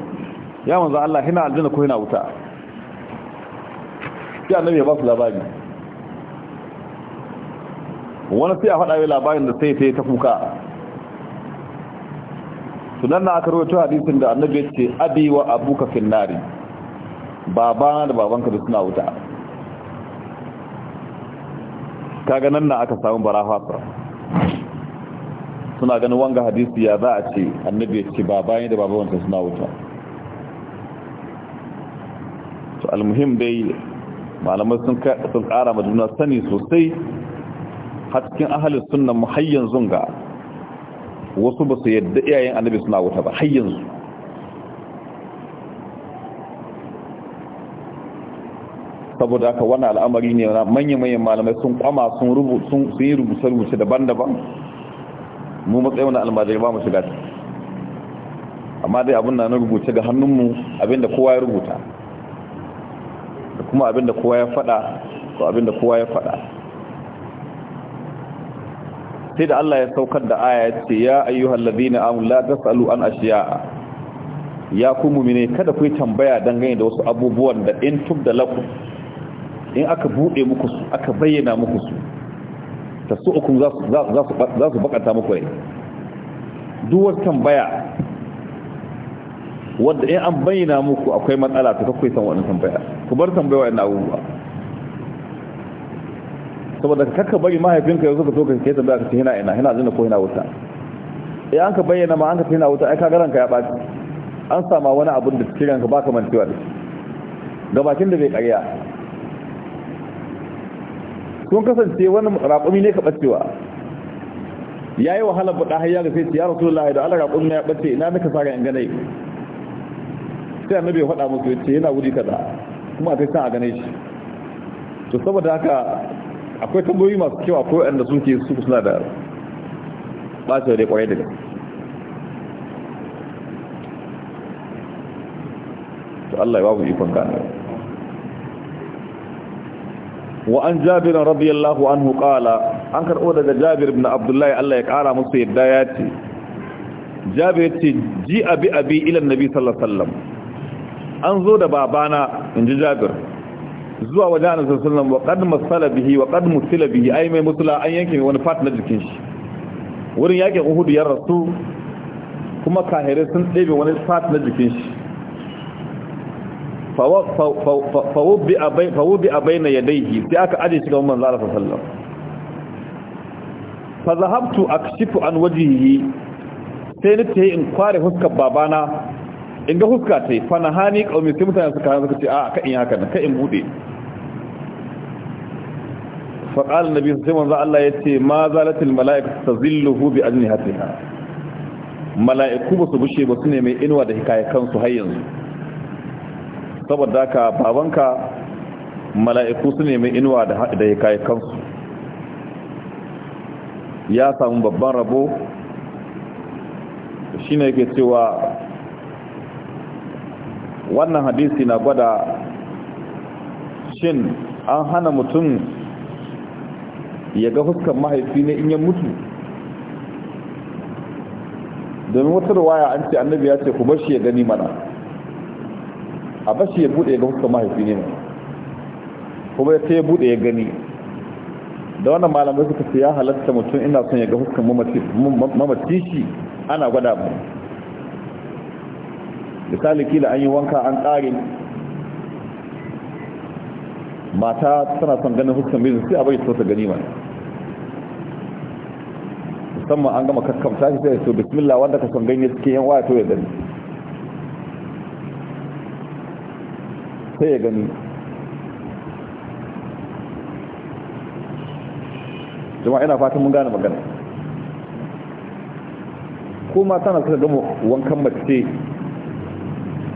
S1: ya manzo Allah hina aljanna ko hina wuta sai annabi ya ba su labari wani sai a faɗa labarin da sai ta yi ta kuka sunan na aka rubuta hadisin da annabi ya ce abi wa abuka fil nari babana da babanka da suna wuta kaga nan na aka samu barafa suna ganin wanga hadisi ya za a ce annabi ya ce babana da babanka suna wuta to almuhim dai malamai sun sun kara ma juna sani sosai har cikin ahalin sunna muhayyan zunga wasu ba su yadda iyayen annabi suna wuta ba har yanzu saboda haka wani al'amari ne na manya-manyan malamai sun kwama sun yi rubuce-rubuce daban-daban mu matsayin almajiri ba mu shiga amma dai abin na rubuce ga hannunmu abinda kowa ya rubuta da kuma abinda kowa ya fada ko abinda kowa ya fada sai da Allah ya saukar da aya ya ce ya ayyuhal ladina amul la tasalu an ashiya ya ku mu'mine kada ku yi tambaya dangane da wasu abubuwan da in tubda laku in aka bude muku su aka bayyana muku su tasu'ukum za su za su bakanta muku ne duk wata tambaya wanda in an bayyana muku akwai matsala to kai san wannan tambaya ku bar tambaya wannan abubuwa saboda kakka bari mahaifinka yanzu ka zo ka kai tambaya ka ce yana ina yana zina ko yana wuta eh an ka bayyana ma an ka yana wuta ai ka garanka ya baci an sama wani abun da cikin ranka baka mantuwa da gabakin da bai karya. sun kasance wani raƙumi ne ka ɓacewa ya yi wahalar buɗa har yara sai ya rasu lalai da ala raƙumi na ya ɓace ina nika sa ga ganai sai annabi ya faɗa muku ya ce yana wuri kaza kuma a kai san a ganai shi to saboda haka akwai tambayoyi masu kyau akwai waɗanda sun ke su suna da ɓacin da ƙwarai daga to Allah ya babu ikon gane wa an jabir radiyallahu anhu qala an karɓo daga jabir ibn abdullahi Allah ya ƙara musu yadda ya ce jabir ce ji abi abi ilan nabi sallallahu alaihi wasallam an zo da babana in ji jabir zuwa waje annabi sallallahu alaihi wasallam wa qad masala bihi wa qad musila bihi ai mai musula an yanke wani part na jikin shi wurin yakin Uhud ya rasu kuma kahirai sun ɗebe wani part na jikin shi Fa fawubi a bai na yadaihi sai aka aje shiga manzo Allah sallallahu alaihi fa zahabtu akshifu an wajhihi sai nita in kware huskar babana in ga huska ta yi fana hani ƙaumi sai mutane suka hana suka ce a ka in haka na ka in buɗe faƙal na biyu sai manzo Allah ya ce ma zalatil mala'ika ta zilluhu bi ajni hatiha mala'iku ba su bushe ba su ne mai inuwa da hikaye kansu har yanzu saboda ka babanka mala'iku su ne mai inuwa da hikaye kansu ya samu babban rabo shi ne yake cewa wannan hadisi na gwada shin an hana mutum ya ga huskan mahaifi ne in ya mutu domin wata ruwaya an ce annabi ya ce ku bashi ya gani mana a bashi ya bude ga huskan mahaifi ne kuma sai ya bude ya gani da wannan malamai suka ce ya halatta mutum ina son ya ga huskan mamaci shi ana gwada mu misali kila an yi wanka an ƙare mata tana son ganin huskan bizin sai a bai so ta gani mai musamman an gama kakkamta shi sai so bismillah wanda ka son ganye cikin yan waya ya gani sai ya gani jama'a ina fatan mun gane magana ko mata na suka gama wankan mace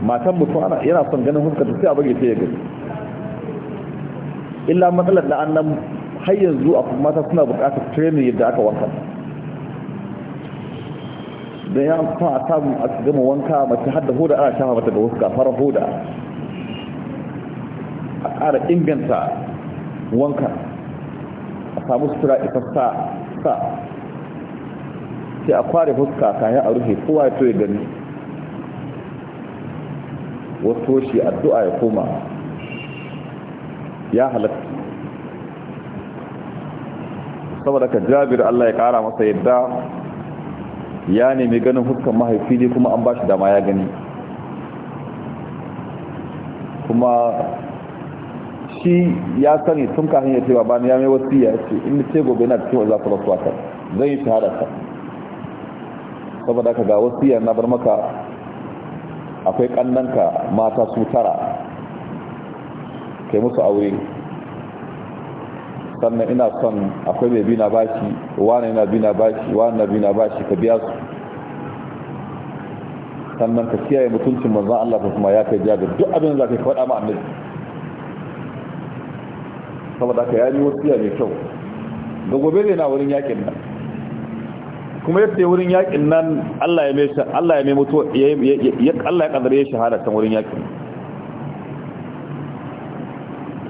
S1: matan mutum ana yana son ganin huskata sai a bari sai ya gani illa matsalar da annan har yanzu a mata suna buƙatar training yadda aka wanka da ya kuma a samu a gama wanka mace har da hoda ana shafa mata da huska fara hoda a ƙara inganta wanka a samu sutura ifasta sa sai a kware huska kayan a rufe kowa ya to ya gani wato shi addu'a ya koma ya halatta saboda ka jabir Allah ya kara masa yadda ya nemi ganin hukkan mahaifi ne kuma an bashi shi dama ya gani kuma shi ya sani tun kafin ya cewa bani ya mai wasu ya ce inda ce gobe na cewa za su rasuwa zan yi shahada ta saboda ka ga wasiya na bar maka akwai kannanka mata su tara kai musu aure sannan ina son akwai mai bina bashi wani na bina bashi wani na bina bashi ka biya su sannan ka kiyaye mutuncin manzan Allah ta kuma ya kai jiya da duk abin da ka faɗa ma annabi saboda ka yayi wasiya mai kyau ga gobe ne na wurin yakin nan kuma yadda wurin yakin nan Allah ya mai Allah ya mai mutuwa ya Allah ya kadare shahada wurin yakin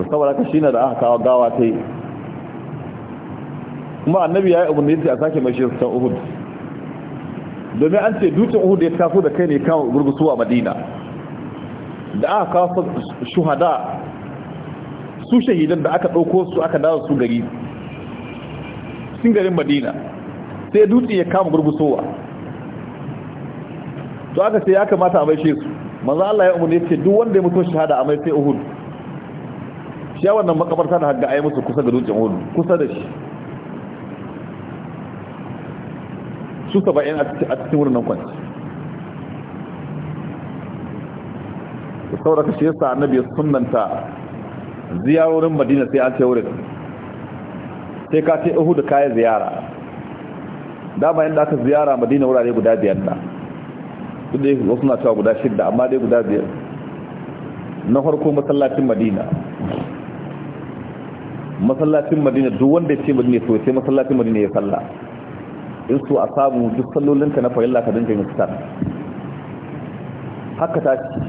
S1: to saboda ka shine da aka kawo gawa tai kuma annabi ya yi abun da yake a sake mai shi ta Uhud domin an ce dutsen Uhud ya tafi da kai ne kawo gurgusuwa Madina da aka kawo shuhada su shahidan da aka dauko su aka dawo su gari sun garin Madina sai dutse ya kama burbusowa to aka sai ya kamata a maishe shi manzo Allah ya umarni ce duk wanda ya mutu shahada a mai sai Uhud shi wannan makabarta da hagga ayi musu kusa da dutsen Uhud kusa da shi su bayan a cikin wurin nan kwanci da sauraka shi yasa annabi sunanta ziyarorin Madina sai an ce wurin sai ka ce ka yi ziyara dama yadda aka ziyara madina wurare guda biyar na duk da wasu na cewa guda shidda amma dai guda biyar na farko masallacin madina masallacin madina duk wanda ya ce madina so sai masallacin madina ya salla in so a samu duk sallolinka na fahimta ka dinka yin star haka ta ce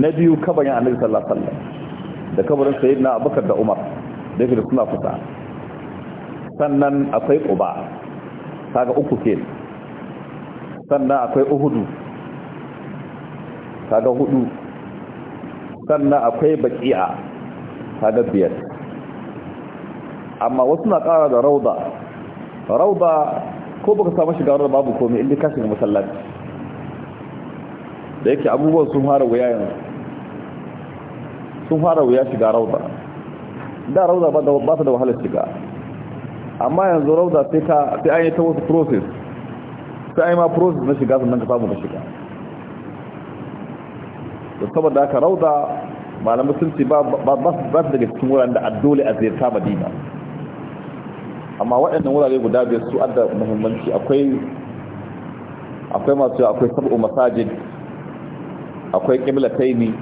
S1: na biyu kabarin annabi sallallahu alaihi wasallam da kabarin sayyidina abubakar da umar da yake da suna fusa sannan akwai uba kaga uku ke sannan akwai uhudu kaga hudu sannan akwai baqi'a kaga biyar amma wasu na ƙara da rauda rauda ko baka samu shiga rauda babu komai inda ka shiga masallaci da yake abubuwan sun fara wuya yanzu sun fara wuya shiga rauda da rauda ba ta da wahalar shiga amma yanzu Rauza sai ta sai an yi ta wasu process sai an yi ma process na shiga sannan ka samu ka shiga da saboda haka rauda malamu sun ce ba su daga cikin wuraren da dole a ziyarta madina amma waɗannan wurare guda biyar su adda muhimmanci akwai akwai masu akwai sab'u masajid akwai qiblataini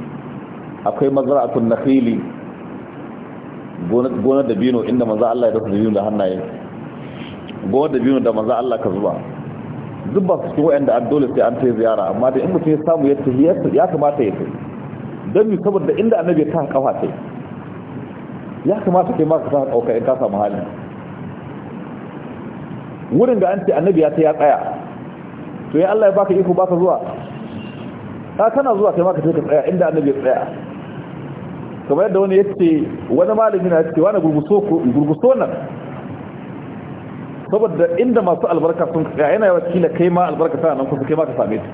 S1: akwai mazra'atun nakhili gonar dabino inda manzo Allah ya dafa dabino da hannaye gonar dabino da manzo Allah ka zuba duk su cikin wa'anda an dole sai an ta ziyara amma da in mutum ya samu ya kamata ya kai don mi saboda inda annabi ya kan kafa sai ya kamata kai ma ka sa kauka in ka samu hali wurin da an ce annabi ya ta ya tsaya to ya Allah ya baka iko baka zuwa ta kana zuwa kai ma ka je ka tsaya inda annabi ya tsaya kamar yadda wani yake wani malami na cewa na gurguso ko gurguso nan saboda inda masu albarka sun tsaya yana yawa cikin kai ma albarka ta nan kusa kai ma ka same ta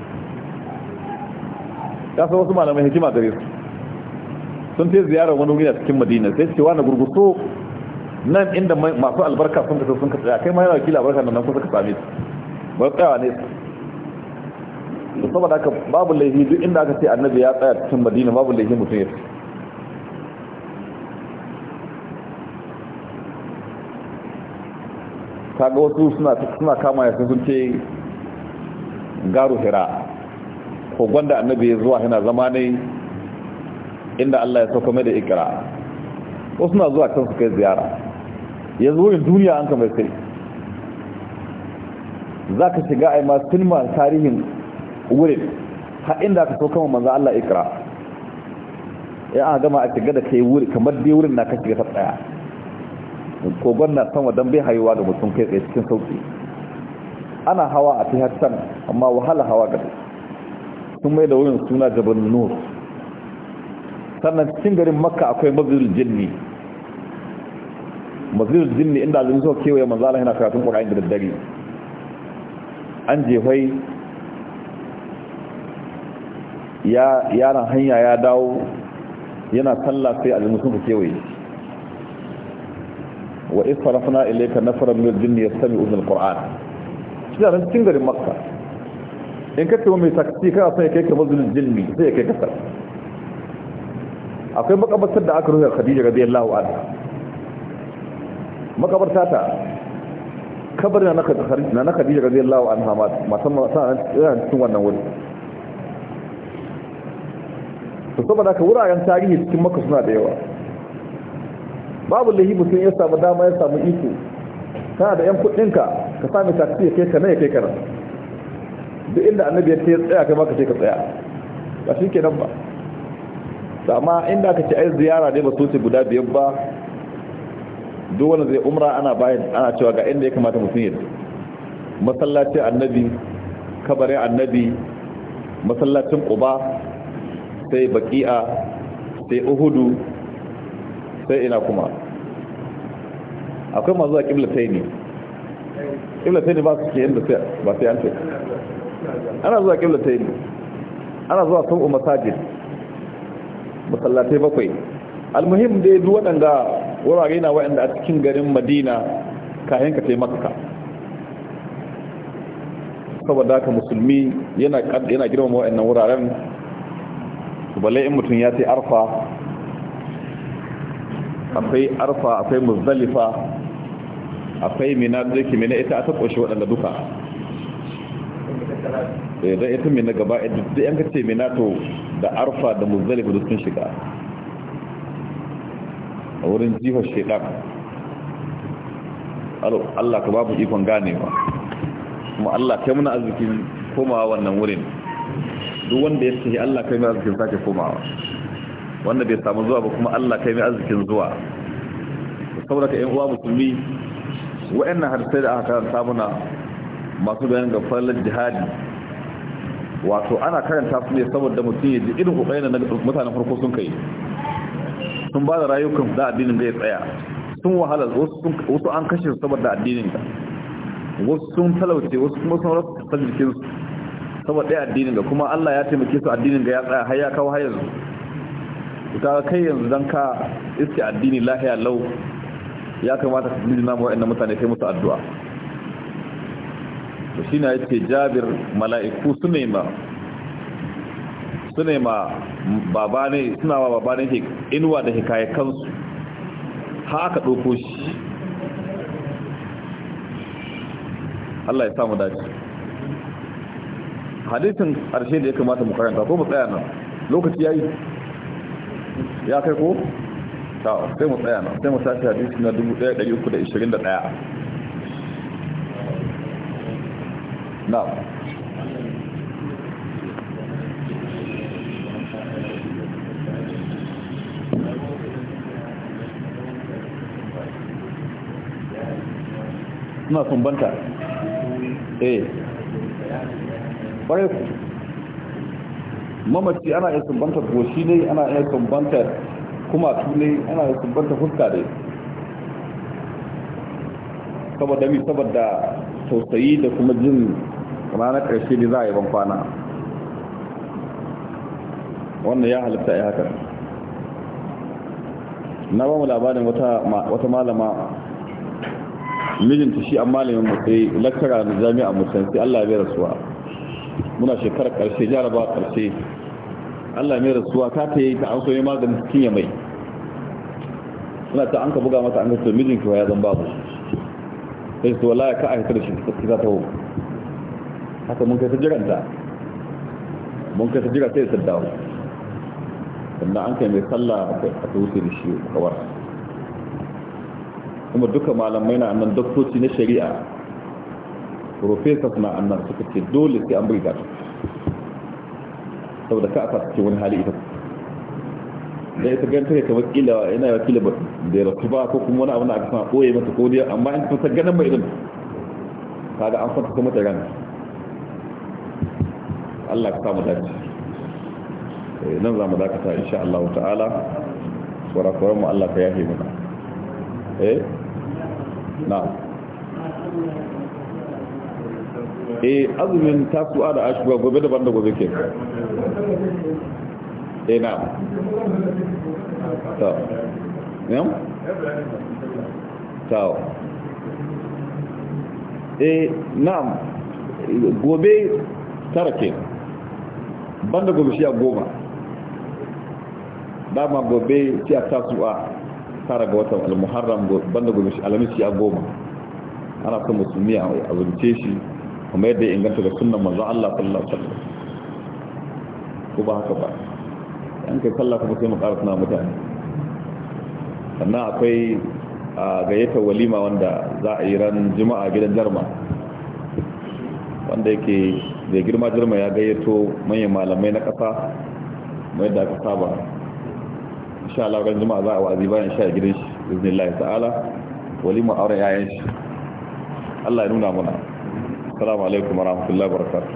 S1: ya san wasu malamai hikima gare su sun ce ziyarar wani wuri a cikin madina sai ce na gurguso nan inda masu albarka sun kasa sun kasa kai ma yana wakila albarka nan kusa ka same ta ba tsayawa ne saboda haka babu laifi duk inda aka ce annabi ya tsaya cikin madina babu laifi mutum ya ce kaga wasu suna kama ya sun ce garu hira ko gwanda annabi ya zuwa yana zama ne inda Allah ya sauka mai da ikira wasu suna zuwa kan su kai ziyara ya zo yin duniya an kamar sai za ka shiga a yi masu sinima tarihin wurin ha inda ka sauka manza Allah ikira ya an gama a shiga da kai wuri kamar dai wurin na ka shiga ta tsaya kogon na sama don bai haihuwa da mutum kai tsaye cikin sauki ana hawa a tihattan amma wahala hawa gaba sun mai da wurin suna jabal nur sannan cikin garin makka akwai mazilul jinni mazilul jinni inda zai sau kewaye manzala yana karatun ƙura'in da daddare an jefai yana hanya ya dawo yana sallah sai azumin sun kewaye wa is farafna ilayka nafaran min al-jinn yastami'una al-qur'an shi da cikin garin makka in ka tawo mai taksi kana sai kai ka mazlul jinni sai kai ka sarfa akwai makabartar da aka rufe Khadija radiyallahu anha makabarta ta kabarin na Khadija na Khadija radiyallahu anha matan matan cikin wannan wuri to saboda ka wuraren tarihi cikin Makka suna da yawa babu lahi mutum ya samu dama ya samu iko kana da yan kudinka ka sami taksi ya kai ka ya kai ka nan duk inda annabi ya ce tsaya kai maka ce ka tsaya ba shi kenan ba amma inda aka ce ai ziyara ne ba su ce guda biyar ba duk wanda zai umra ana bayan ana cewa ga inda ya kamata mutum ya masallacin annabi kabarin annabi masallacin quba sai baqi'a sai uhudu sai ina kuma akwai masu zuwa kibla sai ne kibla sai ne ba su ke yin da ba sai an ana zuwa kibla sai ne ana zuwa sun umasajid masallatai bakwai almuhim dai duk waɗanda wurare na waɗanda a cikin garin madina kayan ka taimaka saboda haka musulmi yana girmama waɗannan wuraren balle in mutum ya ce arfa akwai arfa akwai muzdalifa akwai mina zaki mina ita ta kwashe waɗanda duka eh, da ita mina gaba da yanka ce mina to da arfa da muzdalifa da sun shiga a wurin jihar shaidan Allah ka babu ikon ganewa kuma Allah kai muna arzikin komawa wannan wurin duk wanda ya sahi Allah kai mai arzikin sake komawa wanda bai samu zuwa ba kuma Allah kai mai arzikin zuwa saboda ka yan uwa musulmi wa'annan harsai da aka karanta muna masu bayan ga fallar jihadi wato ana karanta su ne saboda mutum ya ji irin kokarin da mutanen farko sun kai sun ba da rayukan da addinin zai tsaya sun wahala wasu an kashe su saboda addinin ga wasu sun talauce wasu kuma sun rasa jikin su saboda addinin ga kuma Allah ya taimake su addinin ga ya tsaya har ya kawo har yanzu ka kai yanzu dan ka iske addini lahiya lau ya kamata su jin namu wa'annan mutane kai musu addu'a to shi na yake jabir mala'iku su ne ma su ne ma babane suna ma babane ke inuwa da hikaye kansu haka ɗauko shi Allah ya samu dace hadisin ƙarshe da ya kamata mu karanta ko mu tsaya nan lokaci ya yi ya kai ko tawa sai mu tsaya na sai mu tashi hadisi na 1321 na suna sumbanta eh ƙwarai ku mamaci ana iya sumbantar goshi ne ana iya sumbantar kuma tunai ana sumbanta fuska da saboda mi saboda tausayi da kuma jin ranar ƙarshe ne za a yi ban kwana wannan ya halitta ya haka na ba mu labarin wata malama mijinta shi an malamin matsayi lakara da jami'a musamman sai allah bai rasuwa muna shekarar ƙarshe jaraba ƙarshe allah mai rasuwa ta ta yi ta an soyi maganin cikin ya mai ina ta an ka buga mata an ka ce mijinki wa ya zan ku sai to wallahi ka a shi ki za ta hau haka mun kai ta jiranta mun kai ta jira sai ta dawo amma an kai mai sallah a ta wuce da shi kawar kuma duka malamai na annan doktoci na shari'a professors na annan suka ce dole sai an buga ta saboda ka aka ce wani hali ita da ita gan take kamar kila yana kila da ya rasu ba ko kuma wani abu na aka sama koye mata ko dai amma in ta ganin mai irin kaga an fata kuma ta gan Allah ka samu dace eh, nan za mu dakata insha Allah ta'ala kwarakwaran mu Allah ka yafe mana eh na eh azumin tasu'a da ashuwa gobe daban da gobe ke eh na Tau. ne Tau. eh na'am gobe tara ke banda gobe shi a goma dama gobe shi a tasuwa tara ga watan al-muharram banda gobe shi alamis shi a goma ana son musulmi a azumce shi kuma yadda ya inganta da sunan manzo Allah sallallahu alaihi wasallam ko ba haka ba an kai sallah kuma sai mu ƙara suna mutane sannan akwai a gayyata walima wanda za a yi ran juma'a gidan jarma wanda yake da girma jarma ya gayyato manyan malamai na ƙasa mai da aka saba insha Allah ran juma'a za a wa'azi bayan sha gidan shi biznillah ta'ala walima auren yayan shi Allah ya nuna mana assalamu alaikum wa rahmatullahi wa barakatuh